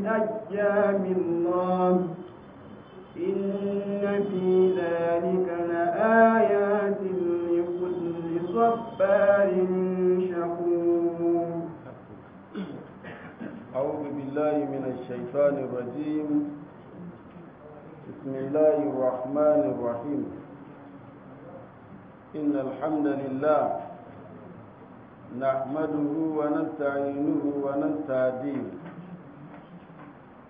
بأيام الله إن في ذلك لآيات لكل صبار شكور أعوذ بالله من الشيطان الرجيم بسم الله الرحمن الرحيم إن الحمد لله نحمده ونستعينه ونستهديه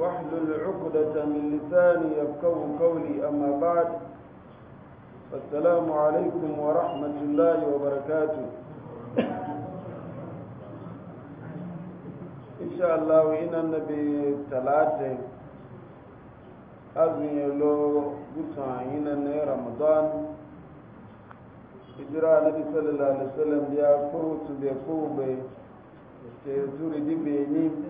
واحلل عقدة من لساني يفقه قولي أما بعد السلام عليكم ورحمة الله وبركاته إن شاء الله وإن النبي ثلاثة أزمي لو قصعين رمضان إجراء النبي صلى الله عليه وسلم furu tu be furu دي ke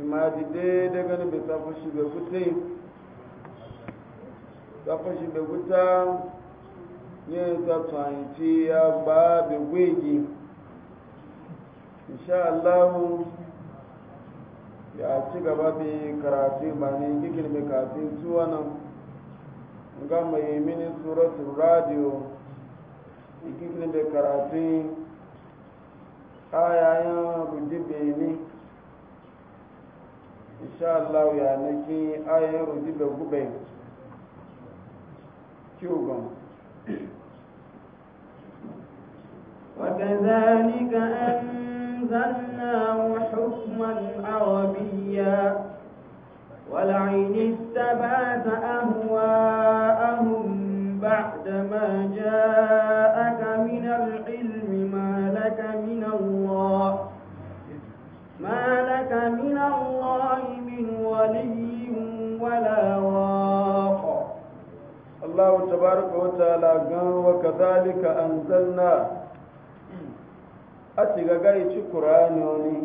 shi ma ji daidai ganin bai tafi shi bai gute tafi shi bai guta yin ta tsanci ya ba bai gwegi insha allahu ya ci gaba bi karatu ba ne gikin mai kafin zuwa na ga mai mini suratun radio gikin mai karatu ayayen rujibe ne insha Allah ya naki ayar rudibe gube kyugon وكذلك أنزلناه حكما عربيا ولعن استبعت أهواءهم بعدما جاءك من العلم ما لك من الله من ولي ولا واق الله تبارك وتعالى قال وكذلك أنزلنا أتي غاية قرآن وني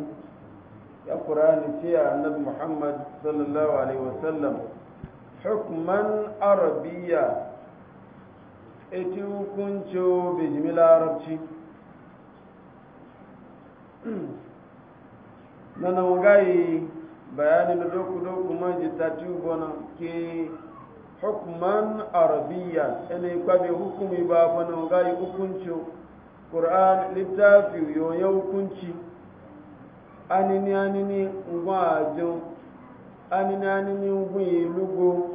يا قرآن تيا النبي محمد صلى الله عليه وسلم حكما عربيا eti كنتو بجميل عربتي nana wangayi bayani na doku doku man ji tati ubona ke hukman arabiya ene kwabe hukumi ba bana wangayi hukunci qur'an littafi yoyo hukunci anini anini ngwa ajo anini anini ngwa ilugo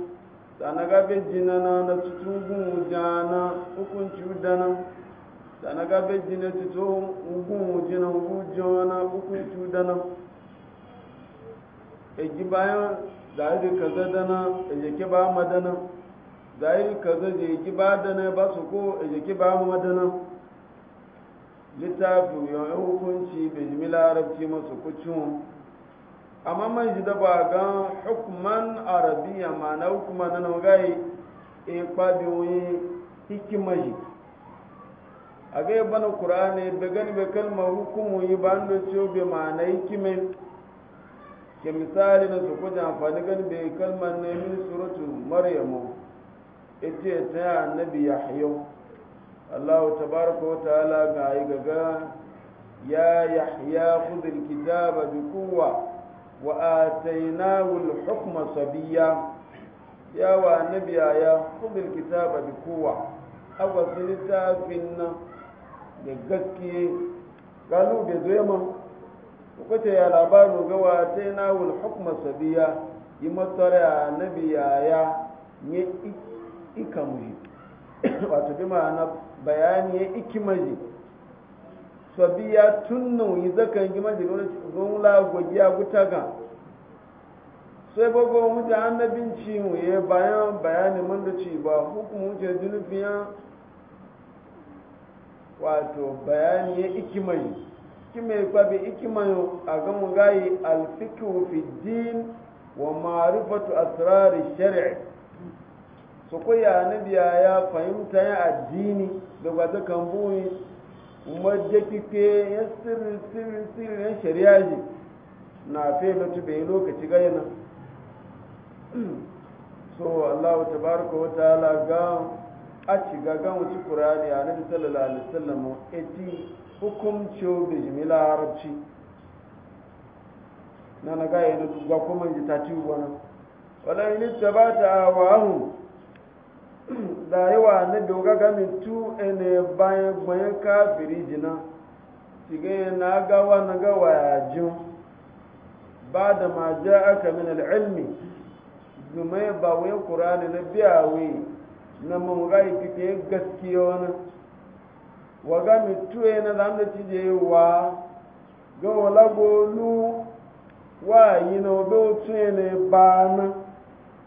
sanaga be jinana na na tutugun jana hukunci udana sanaga be jina tutu ugun jina ugun jona hukunci udana egi bayan zahiri kaza dana ejeke ba madana zahiri kaza je egi ba dana ba su ko ejeke ba madana littafi yawon hukunci bai jimi larabci masu kucin amma man shi da ba gan hukuman arabiya ma na hukuma na naugai e kwabi wani hikima shi a ga yi bana kur'ani bai gani bai kalmar hukumu yi ba an da ciyo bai ma na hikimin ke misali na su kuja amfani gani bai kalmar na min suratu maryamu ita ta yi annabi allahu tabaraka wa ta'ala ga yi gaga ya yahya kudin kitaba bi quwwa wa atainahu al hukuma sabiyya ya wa annabi ya khudhil kitaba bi a littafin finna da gaskiye galu bai zo kwace ya labaru gawa ta yi nawul hukuma sabiya yi matsara na biya ya ika muji wato bi ma'ana bayani ya iki maji sabiya tun nauyi zakan yi maji gon lagwagiya gutaga sai bago mutu annabin ciwo ya bayan bayanin man da ci ba hukumu wuce junufiyan wato bayani ya iki maji kime kwabi ikimayo a gamu gayi alfikihu fi din wa ma'rifatu asrari shari' su koya na biya ya fahimta ya addini da ba ta kambuyi majakike ya sirri sirri sirri ya shari'a ji na fe na tube lokaci ga yana. so wa tabaraka wa ta'ala ga a ci gagan wuce kurani a nabi sallallahu alaihi wasallam 18 hukumciyo da jimila larabci na na gaya da dugba kuma ji ta ci wani wala yi ta ba ta wahu da yawa na doga gami tu ene bayan bayan kafiri jina gaya na gawa na gawa ya ji ba da ma ja aka min al'ilmi zumai ba kura kurani na biya wai na mun rai kike gaskiya wani waga mitue na zamda tije wa ga wala golu wa yi na obe otu ne ba na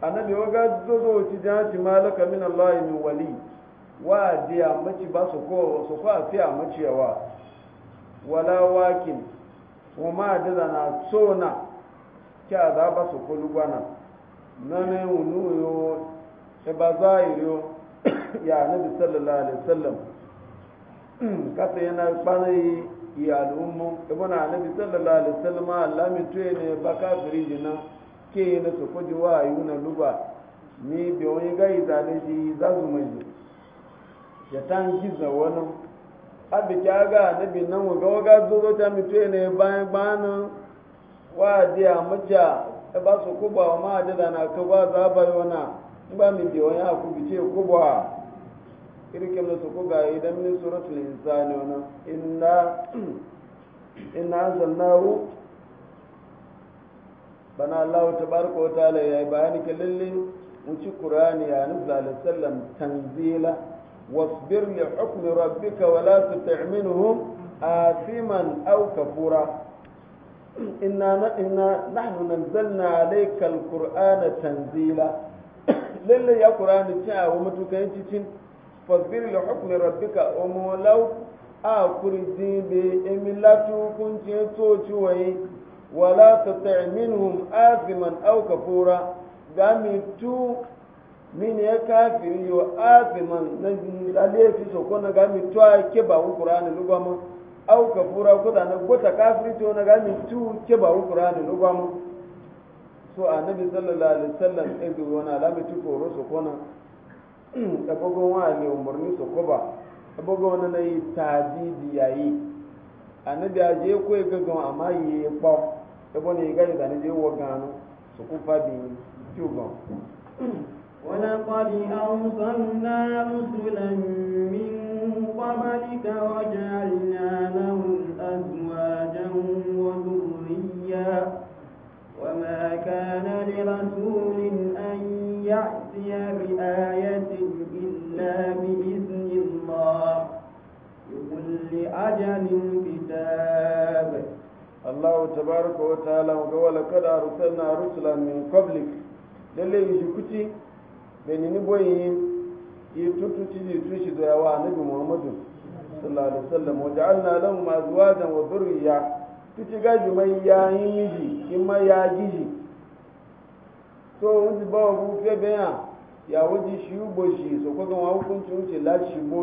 annabi waga dozo ti jan ti malaka min Allah min wali wa di amaci ba su ko su ko afi amaci yawa wala wakin wa ma da na tsona kya za ba su ko lugwana na ne unuyo e ba zairo ya annabi sallallahu alaihi wasallam kasa yana ɓanayi yi al'ummu ibu na annabi sallallahu alaihi wasallam Allah mi tuye ne ba kafiri jina ke yi na su kuji wa ayu na luba ni bi wani gai zane shi za su mai ya ta gizo wani abi kya ga annabi nan ga waga zo ta mi tuye ne bayan bana wa dia maja e ba su kuba ma jada na ka ba za ba yona ba mi bi wani aku bi ce kuba kirkin da suku ga idan min suratul insani wani inna inna zannahu bana Allah tabaraka wa ta'ala ya yi bayani ke lalle mu ci Qur'ani ya alaihi sallam tanzila wasbir li hukmi rabbika wa la tuta'minhum asiman aw kafura inna inna nahnu nazzalna alayka al-qur'ana tanzila lalle ya Qur'ani ta wa mutukan cicin fasbir li hukmi rabbika wa mawlaw a kurji be emilatu kunce toci waye wala tati' minhum aziman aw kafura gami tu min ya kafiri yo aziman na alefi so kona gami tu a keba qur'ani lugama aw kafura ko da na gota kafiri to na gami tu keba qur'ani lugama so annabi sallallahu alaihi wasallam ɗin wani alamitu koro su kona Hmm, abogon wani umarni su kuba abogon wani na yi tadidi yayi annabi a je ko ya gaggawa na yi ya kpa ebo ga yi zane je wa ولقد أرسلنا رسلا من قبلك وجعلنا لهم أزواجا وذريا وما كان لرسول أن يأتي بآية إلا بإذن الله لكل أجل كتاب الله تبارك وتعالى ولقد أرسلنا رسلا من قبلك lallai jikuti bai nini boyin yi tutuci jitushi da yawa annabi muhammadu sallallahu alaihi wasallam wa ja'alna lahum azwajan wa dhurriyya tuci gaji mai yayin miji in ya giji so wọ́n ti bá ọ̀hún fẹ́ bẹ́ẹ̀ hàn ìyàwó ti ṣì ń gbòṣì ìsòkòtò wọn kún tí ó ṣe láti bó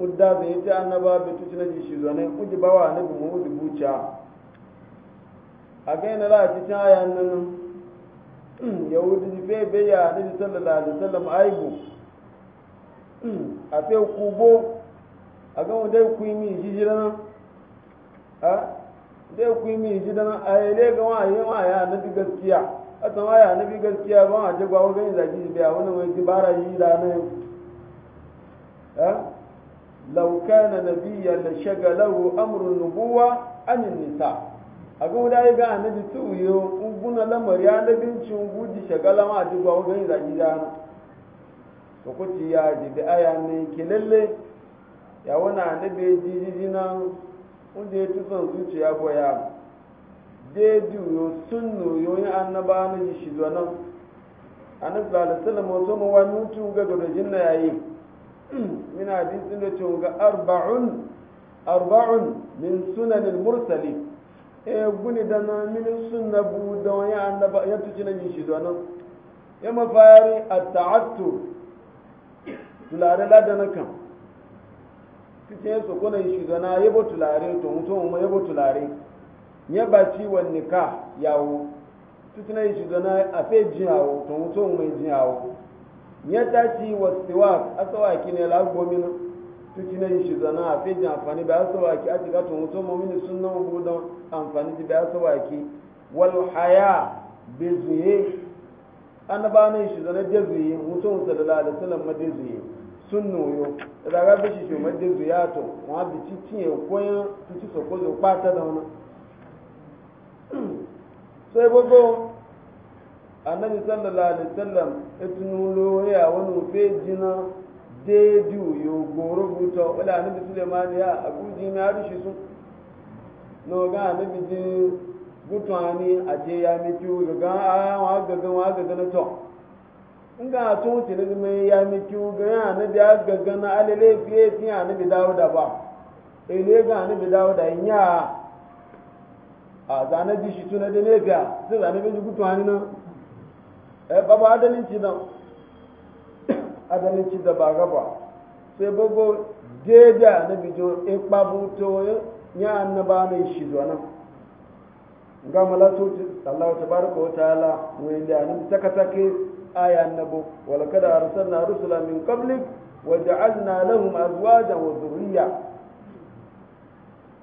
ó dábẹ́ tí anábá bẹ tó ti náà ti ṣì lọ́nà ó ti bá wà níbi wọn ó ji bú cha ya náà ti tí àyà nínú ìyàwó ti ti fẹ́ mi gaskiya. a sama ya nufi gaskiya ban a jagwa wa ganin zaki biya wani mai dibara yi da nan eh? lauka na nabiyya la shagalawo amurin nubuwa an nisa a ga wuda ya ga annabi ungunan lamar ya na binci guji shagala ma a jagwa wa ganin zaki da nan to ci ya jibi aya ne ke lalle ya wani annabi jijiji nan wanda ya tusan zuciya ko ya tunu sun yi annaba na ji shi zuwa nan annabi da alaihi wasallam wa wani mutu ga da na yayi min hadisin da ce ga arba'un arba'un min al mursali e guni da na min sunna bu da wani annaba ya tuci na ji shi zuwa nan ya mafari at-ta'attu tulare ladana kan so su kuna shi zuwa na yabo tulare to mutum mu yabo tulare nye bati wa nika yawo tutuna yi shugana a fe jin awo to mutu mai jin awo nye tati wa siwak asawaki ne lagbo minu tutuna yi shugana a fe jin amfani ba a bai asawaki a tiga to mutu mu mini sunan gudan amfani ti bai asawaki wal haya be zuye ba na yi shugana de zuye mutu da alaihi wasallam ma de zuye sunnu yo daga bishi shi ma de zuya to wa bi ci tiye koyan tuci sokozo pata da wani. sai gbogbo annabi sallallahu alaihi wasallam itinu lo ofe wani fe jina deju yo goro buta wala annabi suleiman a abuji na arishi sun ga annabi ji gutwani aje ya mi tu ga a wa ga ga wa ga na to in ga to ti ya tu ga annabi ga ga na alele fiye ti annabi dawuda ba ele ga anabi dawuda nya a zane ji shi tuna da lega sai zane bin ji gutu hannun eh babu adalinci nan adalinci da ba gaba sai babu deda na bijo babu kpabuto ya annaba mai shi zuwa nan ga malatu Allah tabaraka wa ta'ala wai da nan taka take aya annabo wala kada arsalna rusula min qablik wa ja'alna lahum azwajan wa dhurriyya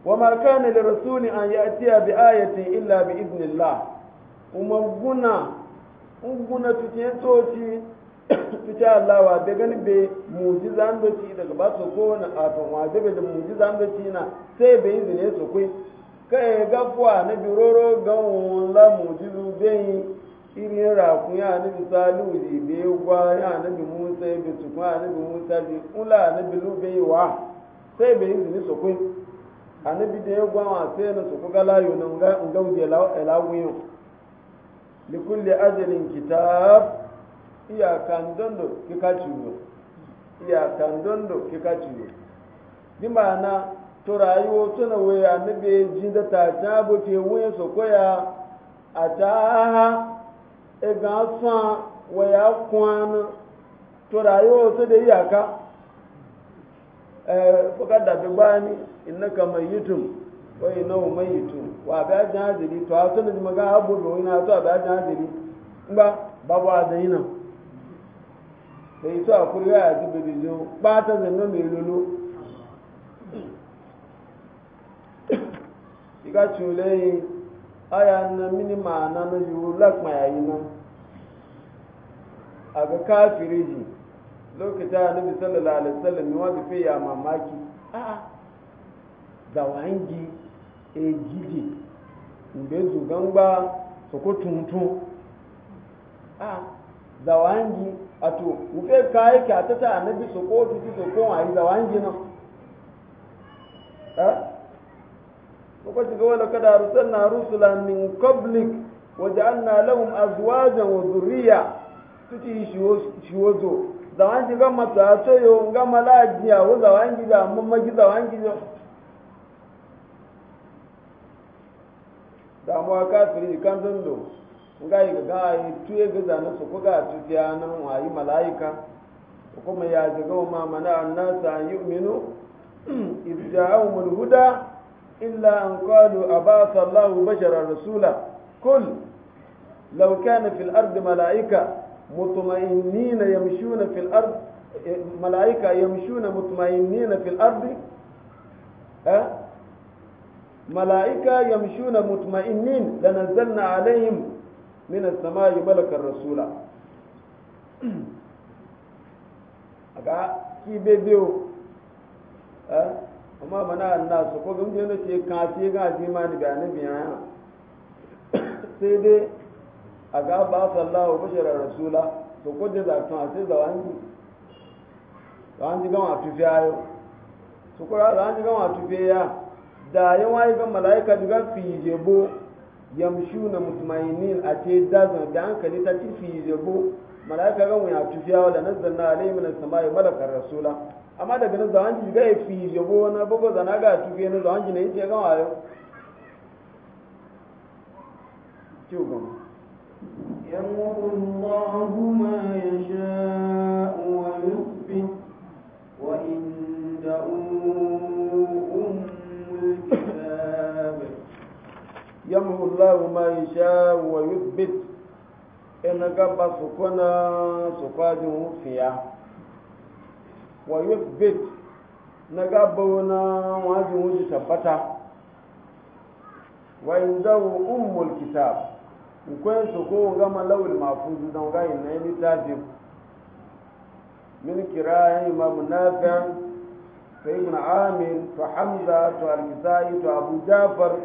وما كان لرسول أن يأتي بآية إلا بإذن الله ومغنا nguna tutiyar toci tuta Allah wa da gani be mujiza daga ba su ko wani afin wa da da na sai be izine su kai kai gafuwa na biroro ga wala mujizu bai irin rakun ya na bi ya na bi musa na bi musa annabi da ya gwawa sai na su kuga layu nan ga gaudi elawuyin likulli ajalin kitab iyakan dondo kika ciwo iyakan dondo kika ciwo bi ma'ana to rayuwa tuna waya annabi ji da ta ta buke wuyan su koya a ta ha e ga san waya kwana to rayuwa to da iyaka eh fuka da bi bani innaka mayyitun wa innahu mayyitun wa ba jan hadiri to a tun da maga abu do ina to ba jan hadiri ba babu adaina da ito a kuriya ya zuba bijo ba ta zanna mai lulu iga cule aya na mini ma'ana na yiwu lakma yayi nan a ga kafiri ji lokacin annabi sallallahu alaihi wasallam ya wani fiya mamaki a'a ah, ah. zawangi e gidi mbe zugangba soko tuntun a zawangi ato ufe kayi ka tata annabi soko tutu soko a yi zawangi nan eh soko shiga wani kada arsalna rusula min qablik waja'alna lahum azwajan wa dhurriya tuti shiwozo zawangi ga mata to yo ga malaji a wo zawangi da amma magi zawangi yo damuwa kafiri kan dondo nga yi ga yi tuye gaza na su kuga tutiya nan wayi malaika kuma ya zaga ma mana annasa an yu'minu idh ja'ahumul huda illa an qalu abasa Allahu basharan rasula kul law kana fil ardi malaika mutma'innina yamshuna fil ardi eh, malaika yamshuna mutma'innina fil ardi eh mala'ika yamshuna mutma'innin da nazzalna alaihim min as-sama'i malakar rasula aga ki bebewo eh amma mana Allah su ko gumje ne ce ka ce ga jimani ga nabi biya sai dai aga ba sallahu bashara rasula to ko da zakan sai zawangi zawangi gama tufiya yo su ko zawangi gama tufiya da yawa gan mala'ika duga fi jebo yamshu na mutmainin a ce dazan da hankali ta ci fi jebo mala'ika gan wuya tufiya wa fiya da nazzalna alayhi min as-sama'i malakar rasula amma daga nazar zawan ga ya fi jebo na bugu zana ga tufiya na zawan na yi ce ga wayo ciwo gama yamuru Allahu ma yasha الله ما يشاء ويثبت إن قبى سكونا سكاده فيها ويثبت نقبونا واجه ثبتا وعنده أم الكتاب وكوين سكون غما لو المحفوظ غاي نيني تاجب من كراء إمام نافع فابن عامر فحمزة فالكسائي فأبو جعفر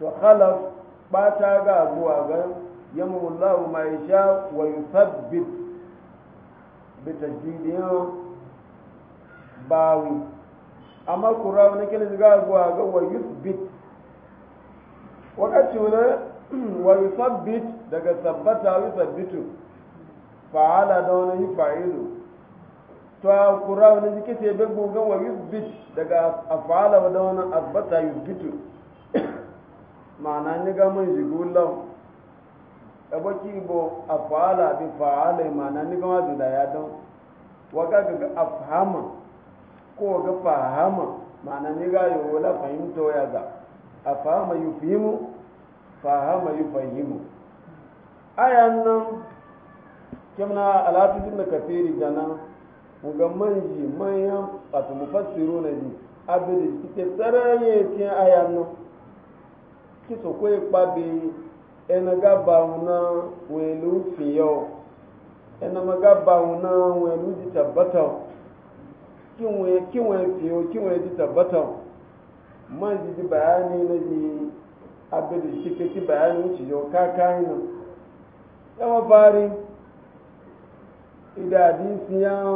فخلف bata ga zuwa ga yamu Allah ma yasha wa yuthabbit bi tajdidiyo bawi amma kura ne kele ga zuwa ga wa yuthbit wakati wala wa yuthabbit daga tabbata wa yuthabbitu fa'ala dawna yufa'ilu to qur'an kura wani kete be gogan wa yuthbit daga afala wa dawna athbata yuthbitu ma'ana ni ga mun jigu lau ebo kibo afala bi fa'ala ma'ana ni ga wazu da ya don Wa ga afhama ko ga fahama ma'ana ni ga yi wala fahimto ya ga afhama yufimu fahama yufahimu ayan nan kemna alatudin da kafiri jana ga manji manyan wato mufassiru na ji abin da suke tsarayen yin ayan nan kiso ko ikpabi ena ga bauna welu fiyo ena maga bauna welu di tabbata kinwe kinwe fiyo kinwe di tabbata man ji bayani na ji abin da shi kake bayani shi yau ka kayan nan yawan fari ida hadisi ya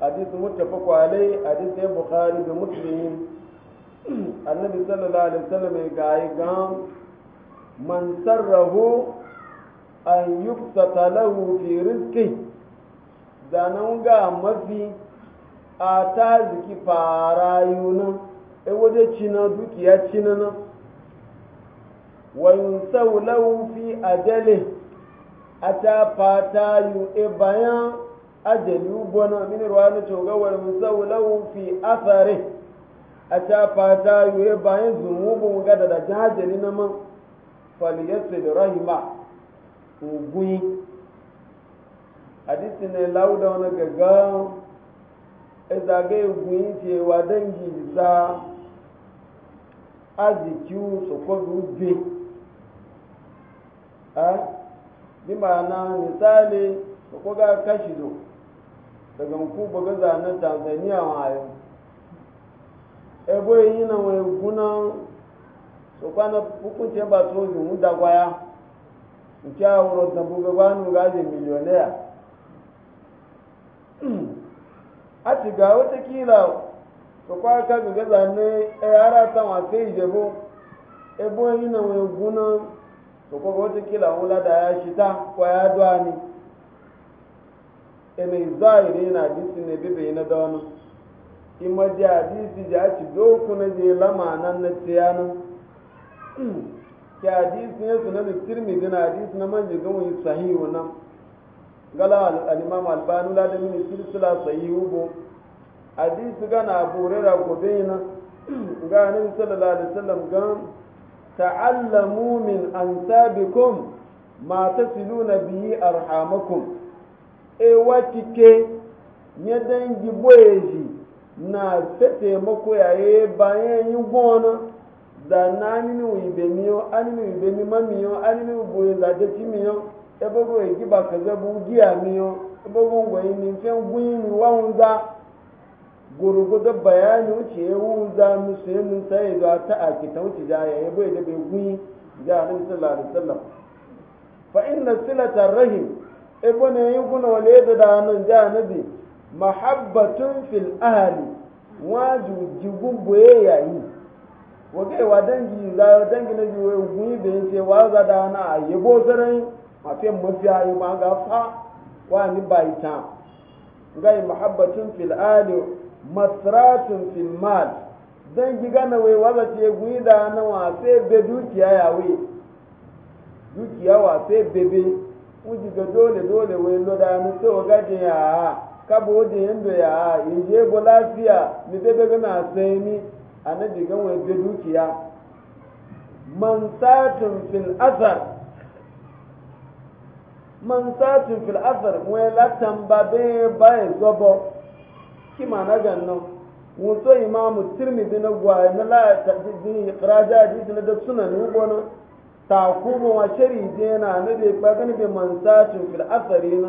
hadisi mutafa kwale hadisi ya bukhari da musulmi annabi sallallahu alaihi wasallam ya gayi gan man sarrahu an yuktata lahu fi rizqi zanan ga mafi a ta ziki fara yuna e waje cinan dukiya cina na wa yunsau lahu fi ajali a ta fata yu e bayan ajali ubona min ruwa na ga wa yunsau lahu fi athari a ta fata yoye bayan zumubin gada da jahajari na man faliyarsa da rahima uguyi hadisi ne lauda wani gaga ezage uguyi cewa dangi za arziki su kwabi ube a bi ma'ana misali su kwaga kashi do daga nkuba gaza na tanzania wa yau ebe yi na wee guna sokwa na hukunci ba so yi mu da kwaya nke a wuro da buga banu ga zai miliyoniya a ti ga watakila sokwa ka gaga zane a e yara ta masu ijebo ebe yi na wee guna sokwa ga watakila wula da ya shita kwa ya duwa ne ene zahiri na jisi ne bebe na da wani ima ji hadisi ji aci doku na je lama nan na tiyanin ki hadisi ya na da tirmidhi na hadisi na manji gawin yi sahihu nan gala al-imam albani la da mini silsila sahihu bo hadisi gana abu da gobe na ga nabi sallallahu alaihi wasallam gan ta'allamu min ansabikum ma tasiluna bihi arhamakum e watike nyadan giboyeji na fete mako yaye bayan yi gona da na anini na miyo anini mi ma miyo anini wibe za de ti miyo ebogo egi ba kaza bu giya miyo ebogo ngwa yi ni fe ngwi ni wa unza da bayani wuce ya wuza e musu e e ya musa ya zo ta aki ta wuce da ya gwi sallallahu alaihi wasallam fa inna silata rahim ebo ne yi guna wale da da mahabbatun fil ahli waju boye yayi wage wa dangi za dangi na biyo gumi be se wa za da na ayebo sarai mafi mafi ayi ma ga fa wa ni baita ngai mahabbatun fil ahli masratun fil mal dangi gana we wa za ce gumi da na wa sai be dukiya ya we dukiya wa sai bebe wuji ga dole dole we lo da ni to ga je ya kaba o yin da ya yaje bo lafiya ni da daga na sai ni annabi ga wani da dukiya man satun fil azar man latan ba be ba zobo ki ma na gannan wato imamu tirmidhi na gwaye na la tadidi iqraja hadisi na da sunan ubona ta kuma wa shari je na ne da ba gani be man satun fil azari na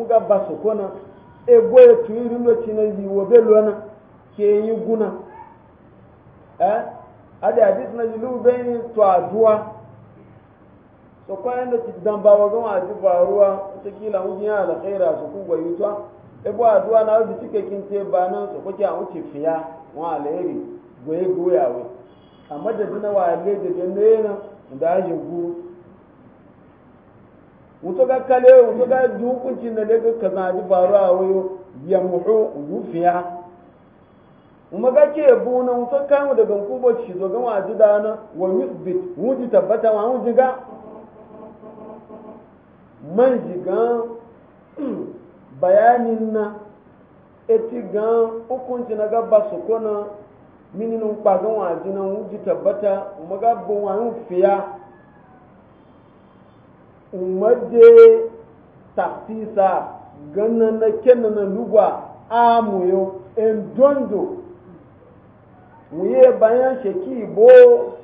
nga ba soko na ebo etu iri lochi na yi wo be lo na ke yi guna eh ada hadis na yi lu be ni to adua so ko en ti dan ba wo gan aju ba ruwa to kila mu ji ala khaira so ku go yutwa ebo adua na bi tike kin te ba na so ko ja wuce fiya wa aleri goye goye awe amma da dina wa le de de ne na da ajugu wuto ga kale wuto ga hukunci da daga kaza ji faru a wayo ya muhu rufiya kuma ga ke buna wuto kamu daga kubo ci zo gama ji dana wa yusbit wuji tabbata wa wuji ga man jiga bayanin na eti gan hukunci na gaba su kona mininin kwagan wa ji na wuji tabbata kuma ga bun wa fiya umarje tafisa ganin na kenan na lugwa amuyo in dondo bayan sheki bo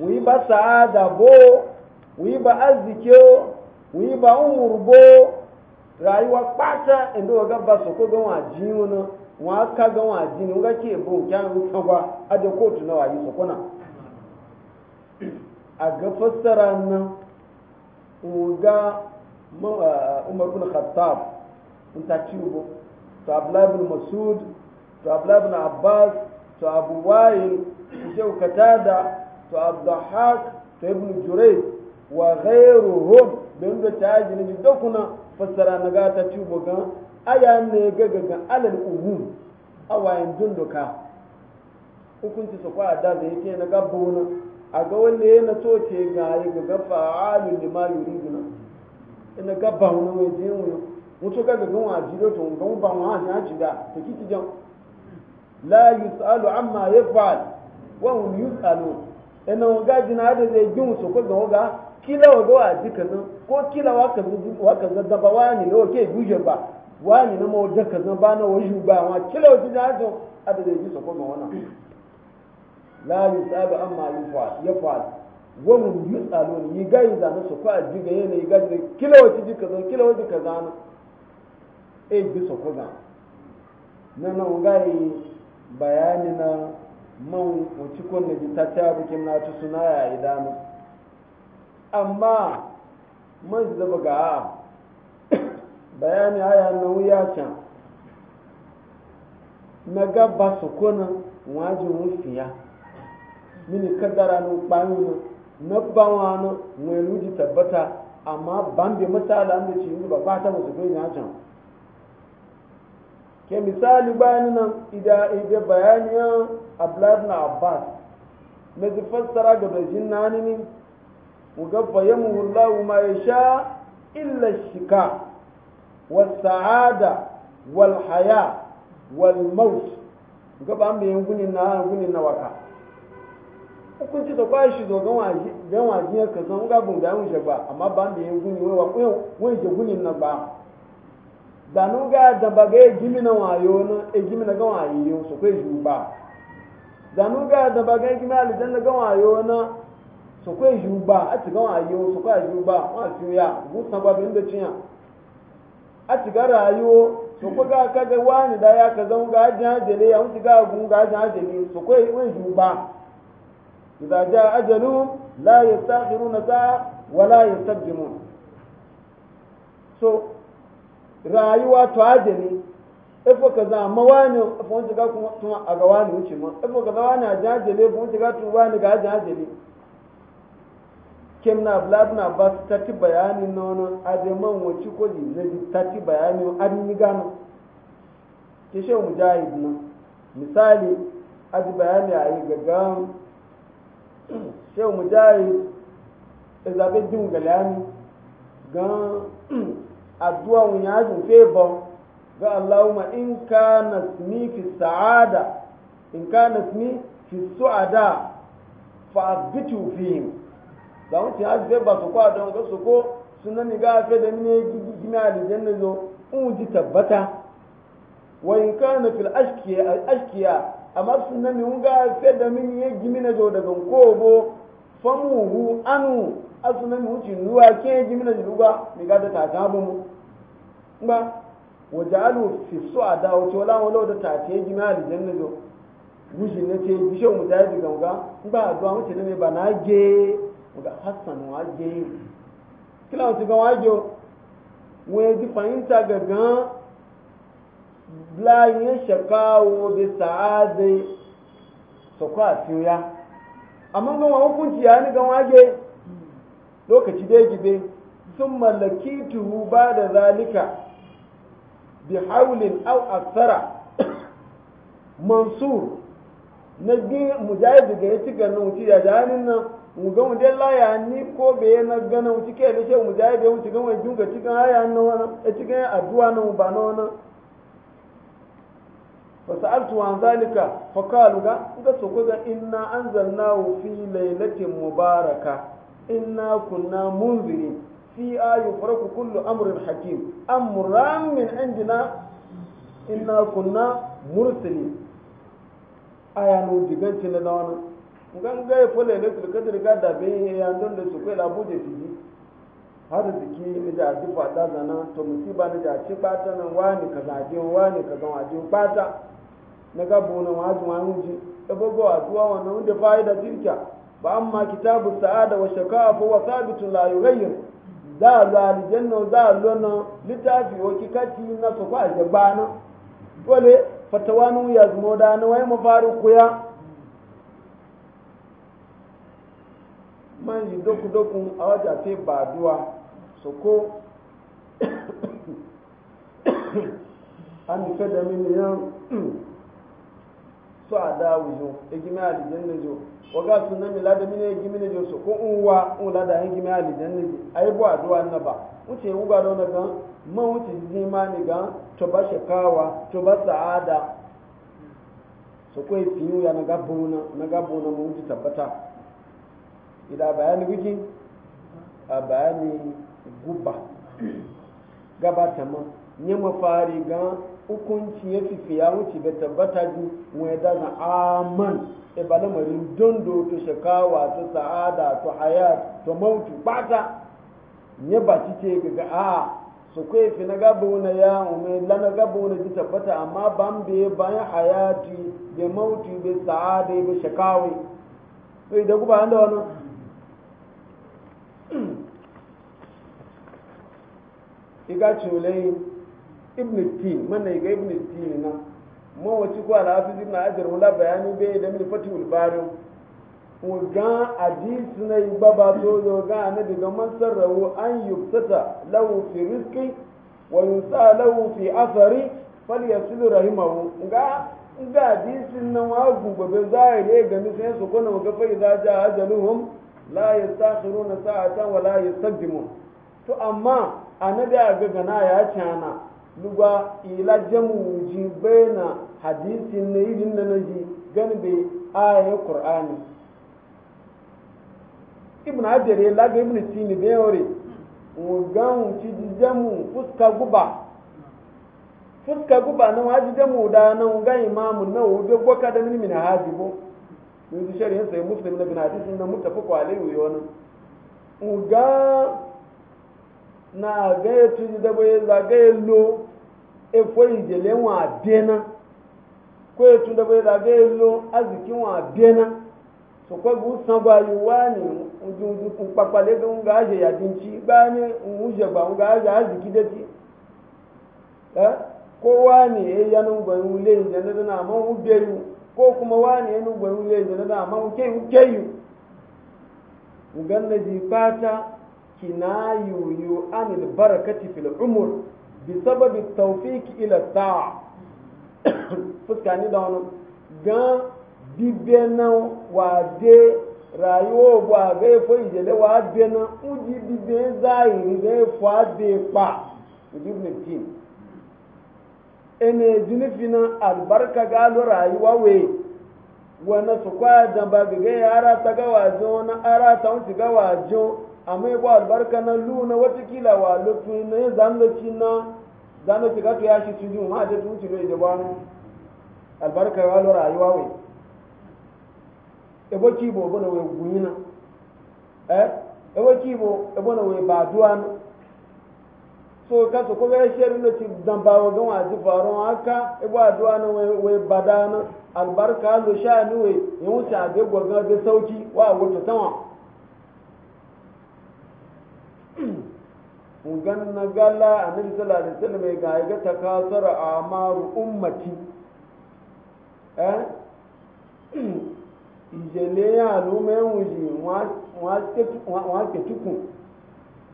wuyi ba sa'ada bo wuyi ba arziki wuyi ba umuru bo rayuwa kpata inda waga ba su ko gawa ji wani wa ka gawa ji ne waga ke bo kyan rufin ba a kotu na wayi su kuna a ga fassara nan oga uh, umar bin khattab in ta ci ubu to abdullahi bin masud to abdullahi bin abbas to abu wa'il to shehu katada to abdahak to ibn jurai wa ghairuhum don da ta yi ne da kuna fassara na gata ci ubu gan aya ne gagagan alal umum awayin dunduka hukunci su kwa da yake na gabbo a ga wanda ya na toke ga yi ga gafa alu da ma gina ina ga wani mai je mu mutu ga ga gwa jiro to ga ba mu ha ya da to kiki jan la yusalu amma yi wa ina ga jina da zai gin su ko ga ga kila wa a dika nan ko kila wa ka wa ba wani ne ke guje ba wani na mu da ka ba na ba wa kila wa jina a da zai su ko ga la yusabu amma yafal wa hum yusalun yi gai za na su kwa diga yana yi gai kila wace ji kaza kila wace kaza na e bi su kuga na nan gai bayani na man wuci kun ji ta ta bukin na ci suna ya idanu amma man zaba ga bayani haya na wuya can na gaba su kuna wajen wufiya mini kaddara nun kpanin na bawa nan wani tabbata amma ban bi misala da ci yanzu ba bata musu bai na can ke misali bayan nan ida ida bayaniyan abdullahi na abbas na ji fassara ga bajin nani ne mu ga fahimu wallahu ma ya sha illa shika wal sa'ada wal haya wal maut ga ba yin gunin na gunin na waka hukunci da kwa shi zo gan ga bun ga yun ba amma ba da yin guni wai wa wai je gunin nan ba da nu ga da gimi na wayo na e na ga wayo so kai ju ba da nu ga da na wayo na so kai ju ba a ti ga wayo so kai ju ba wa ya bu san ba bin da a ti ga rayo so ga ka wani da ya kaza ga ajin ajele ya ga gun ga ajin ajele so kai wai ju إذا جاء أجلهم لا يستأخرون ساعة ولا يستقدمون so rayuwa to ajali kaza ma wani ifo ga kuma a ga wani wuce ma kaza wani a jajale ifo ga wani ga jajale kim na abla na ba ta ti bayanin nono ademan wuce ko ji na ji ta ti bayanin an yi na misali aji bayani a yi shehu mujahid ezabe dun ánì gan àdúwà òyìn ya jin fe bon ga allahumma in na fi sa'ada in na ismi fi su'ada fa abitu fihim da mun ya fe ba su kwa don ga su ko sunan ni ga fe da mine gimi aljanna zo in ji tabbata wa in kana fil ashkiya amma sunna mi wuga fe da min ye gimina jo daga ko bo famuhu anu asuna mi wuci nuwa ke gimina jo ba mi ga da ta ga mu ba wajalu fi su'ada wa tola wala da ta ce gimina aljanna jo wuci na ce bisho mu daga ga ba do mu ce ne ba na ge ga hasan wa kila wuci ga wa jo we di fahimta ga yin shakawo bi sa'adin su kwa tuya amma ga wa hukunci ya ni gan wage lokaci dai gibe sun mallaki tuhu ba da zalika bi haulin au asara mansur na bi mujahid ga ya ci ganin wuci ya jahanin nan mu ga mu dalla ya ni ko be na ganin wuci ke da shi mujahid ya wuci ga mu dunga cikin haya nan wannan cikin addu'a nan ba nan wani. فسألت عن ذلك فقالوا قد سقط fi أنزلناه في ليلة kunna إنا كنا ayu فيها يفرق كل أمر حكيم أمرا من عندنا إنا كنا مرسلين aya no diganci na dawana ngan ga ya fole ne da riga da be ya don da su kai labuje su ji har ziki ne da dufa da zana to musiba ne da ci bata nan wani kaza wani kaza waje bata na gabo na wajin wani ji da bago a tuwa wanda wanda fa'ida tilka ba amma kitabu sa'ada wa shaka'a fa wa sabitun la yughayyir za a lo aljanna za a lo na littafi wa kikati na su kwa jabana dole fatawanu ya zumo da na wai mafari kuya man yi doku doku a wajen fe ba duwa su ko an fada min yan so a dawo jo e gimi alijanna waga mila da mine e gimi ne so ko da e alijanna ji ai bo na ba wuce uga da na gan ma ni gan to ba shakawa to ba sa'ada so ko e fiyu ya na ga bona na bona mu tabbata ida bayani wiki a bayani ma fari gan hukunci ya fifi ya wuce bai tabbata ji wani dana aman iba e lamarin dondo to shakawa to sa'ada to haya to mautu bata ne ba ci ce ga a su kai fi na gaba wani ya ume lana gaba wani ji tabbata amma ban be bayan hayati bai mautu bai sa'ada bai shekawai. to idan ku ba an da wani iga culayin ibn tin mana ga ibn tin na mawaci ko al-hafiz ibn hajar wala bayani be da min fatihul bari wa ga hadis na baba so yo ga annabi ga man sarrahu an yubtata lahu fi rizqi wa yusa lahu fi athari falyasil rahimahu ga ga hadisin nan wa gubabe zahire ga a sai su kona ga fa idza ja ajaluhum la yastakhiruna sa'atan wa la yastaqdimun to amma annabi ga gana ya cana lugwa ila jamu ji bayna hadisin na irin na naji gani bai ayayin qur'ani ibn hajar ya laga ibn tini bai yore gan ci ji jamu fuska guba fuska guba na waji jamu da nan ga imamu na o ube gwaka da min hajibo yanzu shari'in sai muslim na bin hadisin na mutafaku alaihi wa nan ga na ga ya ci da ga zagaye lo ekwe ijele wọn abiena kó etu dẹbẹ dàbẹ lo azìkí wọn abiena sọkọ bí wọn san bá yìí wá ní ndundun nkpakpalẹ bí wọn gà àjẹ yàdìntì gbá ní nwúzẹgbà wọn gà àjẹ azìkí dẹtì ẹ kó wá ní eya ní ngbẹ̀yìn wọlé ìjẹ kó kuma wá ní bisababi taufiki ila ta'a fuska ni da wani gan bibe na wa de rayuwa bu a ga efo ijele wa pa ene junifi na albarka galo rayuwa we wani su kwaya jamba ga yara ta gawajo na ara ta wuce gawajo amma ya albarka na luna watakila wa lufi na ya zanoci na zanoci gato ya shi cin ma a jatu wuce ne da bani albarka ya lura rayuwa wai ebo kibo ebo na wai guyina eh ebo kibo ebo na wai baduwa na so ka so ko ga sheri na ci dan bawo ga wa ji faro haka ebo aduwa na wai wai badana albarka lo sha ni wai yin wuce a ga gwaga da sauki wa wuce sama ugan na gala a nabi sallallahu alaihi wasallam ga ga a amaru ummati eh ijele ya alume wuji wa ke tukun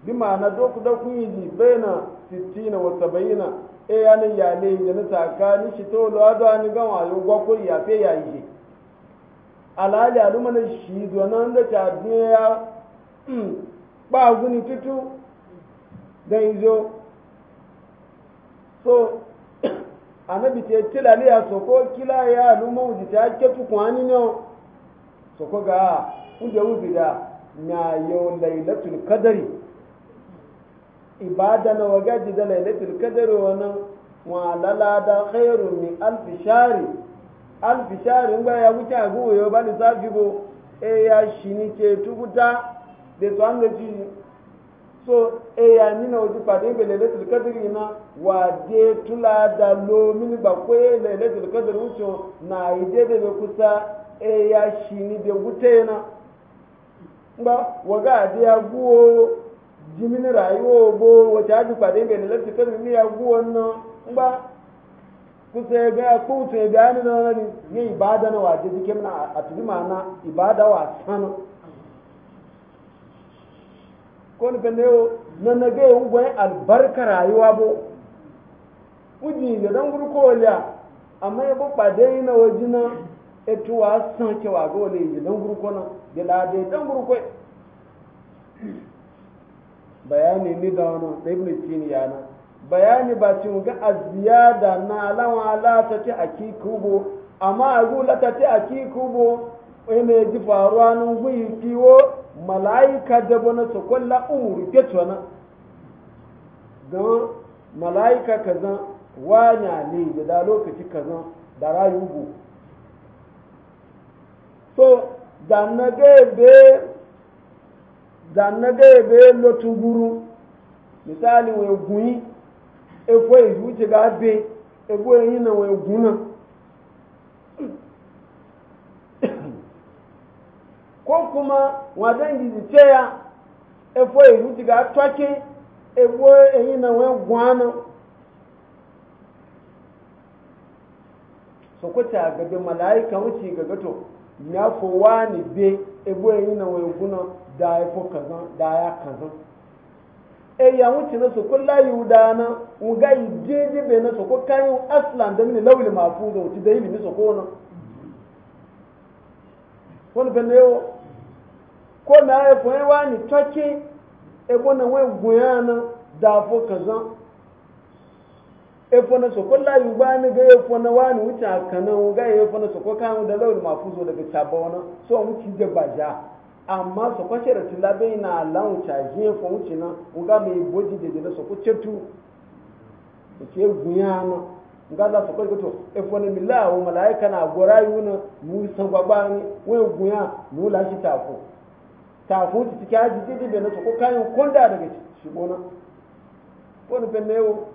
bi e, na doku da yi baina 60 wa 70 e ya ne ya ne da na takani shi to lo ado an ga wa yo gwa ko ya fe ya yi na shi do nan da ta duniya ba guni tutu dan zo so anabi te tilali ya soko kila ya lumo uji ta ke tu kwani no soko ga uje uji da na yo lailatul qadri ibada na waga da lailatul qadri wannan wa lala da khairu min alf shari alf shari ngba ya wuce agu yo ba ni safi bo e ya shini ke tukuta da to an ji so eya nina ojú pàdé ń gbèlè na, kẹ́dìrì iná wà dé túláàdá ló na pé lè lẹ́tìlì kẹ́dìrì ń sùn nà ìdédé lè kúta eya sì ní dèbú téena. ngba wọ́gá àdé agbúwo jimini ràyíwó bó wọ́tí ájú pàdé kẹ́dìrì ní ná kusa ya ga kóòtù ya ga ni na ni ní na wà dé dikem na àtúndì ko ni fende yo na nage yo gwen albarka rayuwa bo uji ga dan guru ko liya amma ya bukpa dai na wajina etuwa san cewa ga wale ji dan guru na da lade dan guru bayani ni da wani da ibn tini yana bayani ba cin ga aziyada na alawa la ta ci akikubo amma a gula ta a akikubo wai e mai ji faruwa nan gwi malaika da bana su kwalla umuru ke tsona don malaika kazan wanya ne da da lokaci kazan da rayugo so da na gaibe da na gaibe lotuguru misali wai gunyi efo izu wuce ga abe efo yi na wa gunan ko kuma wadan gizi ya efo ti ga twake ebo eyi na we gwanu so ko ta ga de malaika wuce ga gato ya fo wani be ebo eyi na we guna da ya fo kaza da ya kaza e ya wuce na so kullu yudana uga ijede be na so ko kayu aslan da ni lawli mafuzo ti da ilimi so ko na wani bende yau ko na ya fun waa ni toki e ko na we guyana na fo kaza e fo na so ko la yu ba ni ga e fo na wa ni wuta kana wo ga e fo na so ko kan da lawul mafuzo daga tabona so mu ci da baja amma so ko shere ti labe na lan wuta je fo wuci na wo ga me boji de de so ko cetu ke guyana nga Allah fa kwaiko to e fone mila o malaika na gora yuna mu san gbagba ni we guya mu la shi ta ko tafuti ciki haji didi bai nasu ko kayan kunda daga shigo na wani fenne yau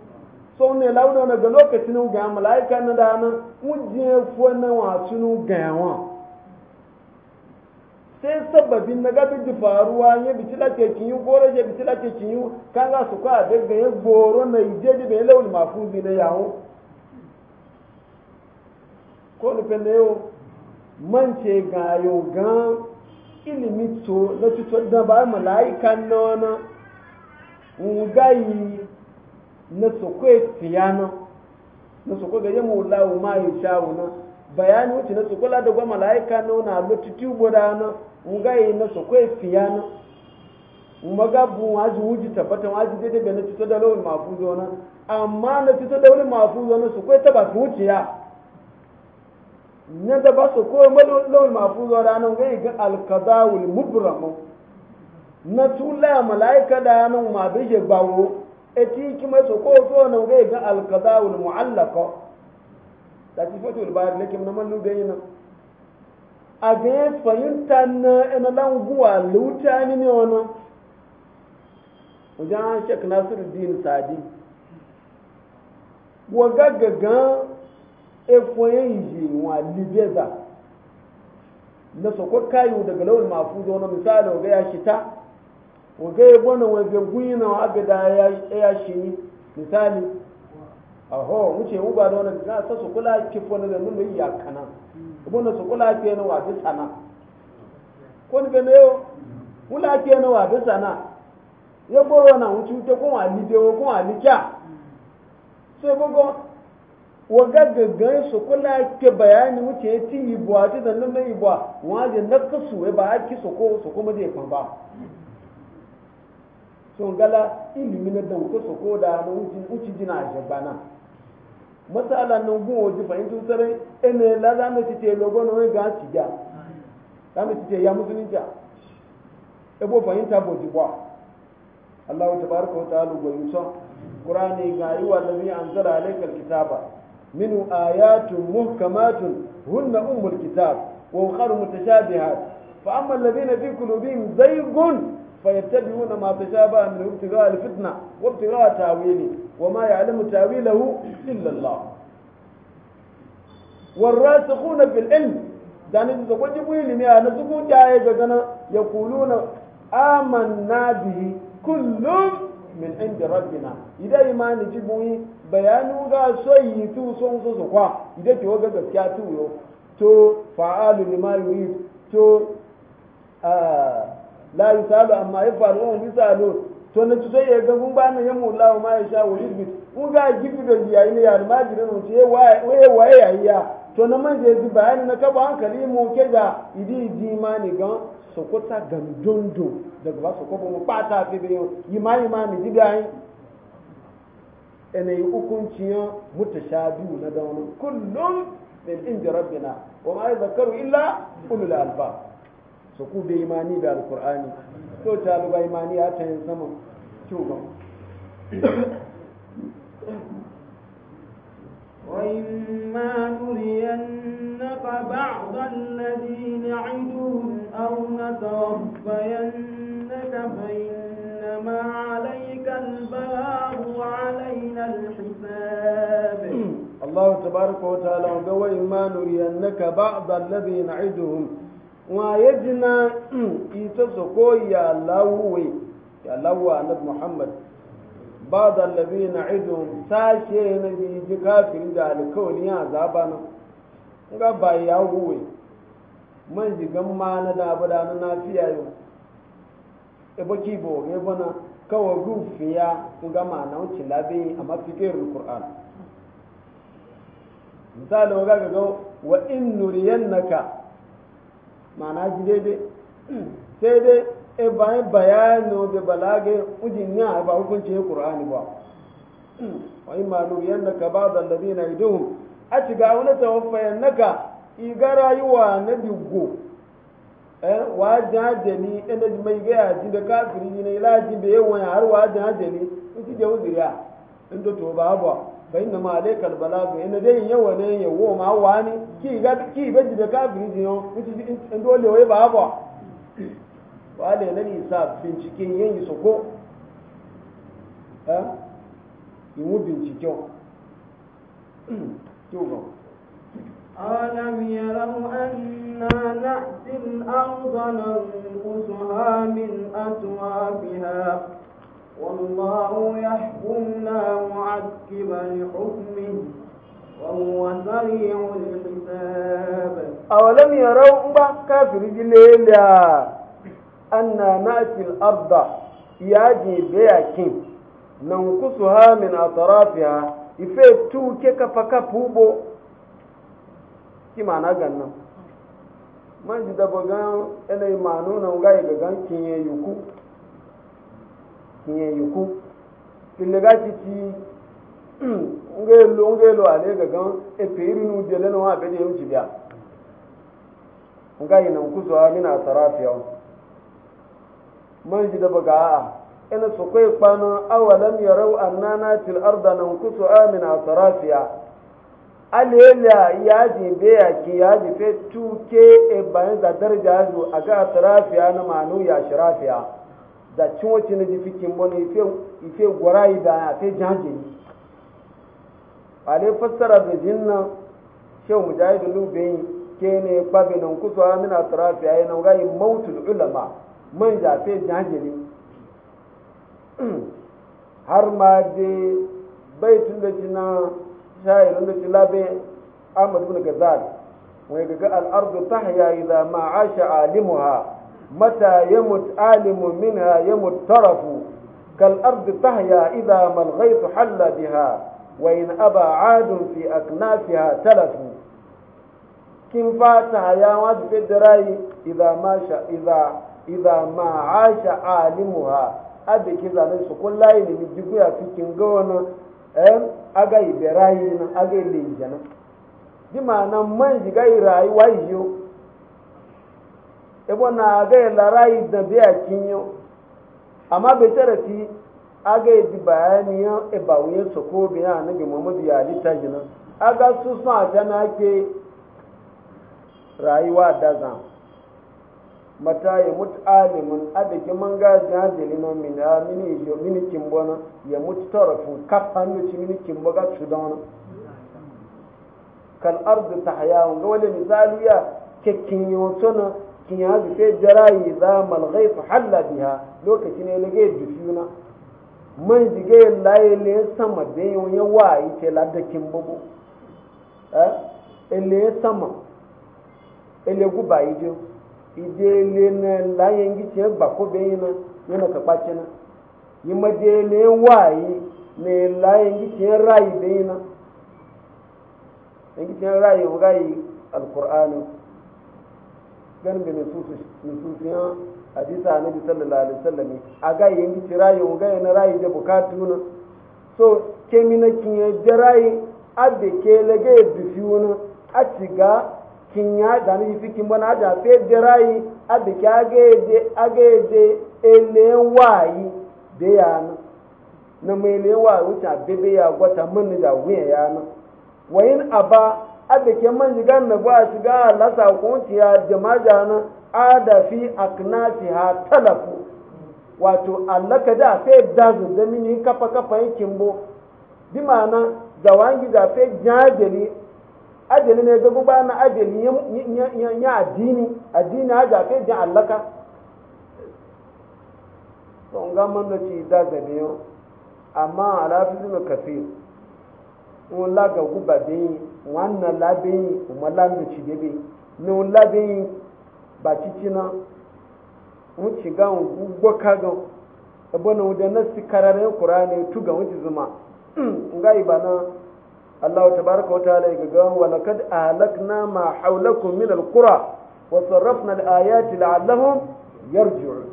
so ne launa wani ga lokacin ga mala'ika na da nan ujiye fuwa na wasu ga yawa sai sababin na gabi da faruwa ya bici lake kin yi goro ya bici lake kin kan za su kwa daga ya goro na ije da bai launi mafuzi na yawo ko nufin na yau mance ga yau gan ilimi to na cutar da ba mala'ika na wani wugayi na sokwe tiyana na sokwe ga yamma wulawu ma yi shawu na bayani wuce na sokwe da gwa mala'ika na wani lotutu guda na wugayi na sokwe tiyana umaga bu waji wuji tabbata waji daidai bai na cutar da lauyi mafu zona amma na cutar da wani mafu zona su taba su wuce ya na da ba su ko mafi zuwa ranar gai ga alkazawul mubramu na tula malaika da nan ma bije bawo e ti kima so ko zuwa nan gai ga alkazawul muallaka da ti fotul bayar ne kim na mallu gai na a ga fahimta na ina languwa guwa luta ni ne wannan wajen Sheikh Nasiruddin Sadi wa gaggagan efoyen yi wa libeza na sokwa kayu daga lawal mafuzo na misali wa ya shi ta wa gaya gwana wa ga gwina wa abida ya shi ni misali aho wuce uba da wani na sa su kula kifo na zanen mai ya kana ibon su kula ke na wa bi sana ko ni gane yo kula ke na wa bi sana ya goro na wuce wuce kuma alidewo kuma likya sai gogo wa gaggan su kula ke bayani wuce ya ci yi buwa ta zannan mai buwa wanda na kasu ba a ki su ko su kuma zai fan ba sun gala ilimi na dan ko su ko da na wuce jina a shabbana matsala nan gun waje fahimtar sarai ene la za mu ci ce logo na wani ga ci ja za mu ci ce ya musulunci ebo fahimta boji buwa Allah ta baraka wa ta'ala gwayin son Qur'ani ga yi wa lalmi an zara alaikar kitaba منه آيات محكمات هن أم الكتاب وأخر متشابهات فأما الذين في قلوبهم زيغ فيتبعون ما تشابه من ابتغاء الفتنة وابتغاء تاويله وما يعلم تاويله إلا الله والراسخون في العلم دعني تقول جبوا علمي أنا تقول يقولون آمنا به كلهم min inda rabbina idan imani jibuyi bayanu ga soyi tu son so so kwa idan ki waga gaskiya tu yo to fa'alu lima yurid to a la yusalu amma yafalu wa yusalu to na ci sai ya ga ba bana ya mula ma ya sha wa yurid kun ga gibi da yayi ne ya almajirin mu ce waye waye yayi ya to na manje ji bayani na kaba hankali mu ke da idi ji imani gan sokota gandondo daga ba sokobo mu pata yi ma yima yima mi diga yi ene hukunci yo biyu na dawo kullum min inda rabbina wa ma zakaru illa ulul alba so ku be imani da alqur'ani so ta lu ba imani ya ta yin sama to ba وإما نرينك بعض الذي نعدهم أو نتوفينك فإنما عليك البلاغ وعلينا الحساب الله تبارك وتعالى وإما نرينك بعض الذي نعدهم ويجنا إتسقوا يا لوي يا لوي الله محمد ba da labi na ido sashe na jiji kafiri da alkawali ya zaba na ga ba ya huwe man jigan ma na da abu da na fiya yau ebo kibo ne bana kawai gufiya ga ma na wuce labe a mafikirin qur'an misali waga ga wa in nuriyannaka ma'ana ji daidai sai dai e bayan bayanu da balage ujin ya ba hukunci ya qur'ani ba wa in ma nuriyannaka ba'd alladhina yaduhum a ci ga wani tawaffayannaka igara yiwa na diggo eh wa jajeni ina mai ga yaji da kafiri ne ilaji da yawan har wa jajeni kuci da uzuriya in da to ba ba fa inna ma alaikal balagu ina dai yawa ne yawo ma wani ki ga ki baji da kafiri ne kuci in dole wai ba ba wale na nisa binciken yin yi soko eh iwu binciken tuba alam yarau anna na'ti al-ardha nanqusuha min atwafiha والله يحكم لا معقب لحكمه وهو سريع الحساب أولم يروا أن كافر جليلا anna na'ti al-arda yaji bayakin nankusuha min atrafiha ife tu ke kafa kafu bo ki mana gannan man ji da bagan ina imanu na ga ga gan kinye yuku kinye ti ti ngelo ngelo ale ga gan e pe irinu de leno wa be de yumci biya ngai nankusuha min atrafiha man ji da إن a ina su kai أننا في ya rau annana til arda alela ya ji beya ki ya ji tuke e bayan da daraja zo a ga sarafiya na manu ya shirafiya da cin wacce na ji fikin bane ife gwarayi da ya fe jajiri ale fassara da jinnan shehu mujahidin lubeyin ke ne babinan kusa nan gayi mautul ulama manja fe jajiri har ma dai baitun da jina sha'irin da jina bai ahmad ibn gazal wai gaga al'ardu tahya za ma asha alimuha mata yamut alimu ya yamut tarafu kal ardi tahya idza ma al halla biha wa in aba adun fi aknafiha talafu kin fata ya wa da darayi idza ma sha idza ma asha alimuha ha ke zanen su kun layi ne mi jigu ha fikin ga wani ɗan aga ibe ha na aga na ebo na aga ila rayi da biya kinyo amma bai aga yi bayani ya eba wuye su ko biya na bi muhammadu ya aga su sun na ke rayuwa da mata ya mutu alimin adaki man gaji hanjali no mini a mini yo mini kimbo na ya mutu tarafu kafa no ci mini kimbo ga cuda wani kal ta tahya wa wala misali ya ke kinyo tona kinya bi fe jarayi za mal ghaif halla biya lokaci ne lage dufuna man jige laye ne sama yawon yawa ya yi ce ladda kimbo eh ele sama ele gubayi jo idele na layan gice ba ko bayi na yana ka kwace na yi madele waye na layan gice rayi bayi na yan gice rayi rayi alqur'ani gan bi nusus nususiyan hadisa annabi sallallahu alaihi wasallam aga yan gice rayi ga yana rayi da bukatu na so kemina kinye da rayi abe ke lege bifiuna a ciga kinya ya da ni fi kin bona da fe abi ka gede agede ele wayi de ya na na me ele wayi wuta bebe ya gwata mun da wuya ya na wayin aba ke man jiga na ba a lasa kunciya jama'a na ada fi aknafiha talafu wato allaka da fe dazu da mini kafa kafa yakin bo bi ma'ana da wangi da fe jajeli ajali ne ga guba na ajali ya addini addini a ja kai jin allaka to ga man da ci da ga ne amma ala fi zuma kafir on la ga guba be wannan la kuma la ci be ne on ba ci na mun ci ga on gugwa ka ga abana na sikararren qur'ani tuga wuce zuma ngai bana Allah ta tabaraka wa ta'ala ya ga wa laqad ahlakna ma hawlakum min alqura wa sarrafna alayati la'allahum yarji'un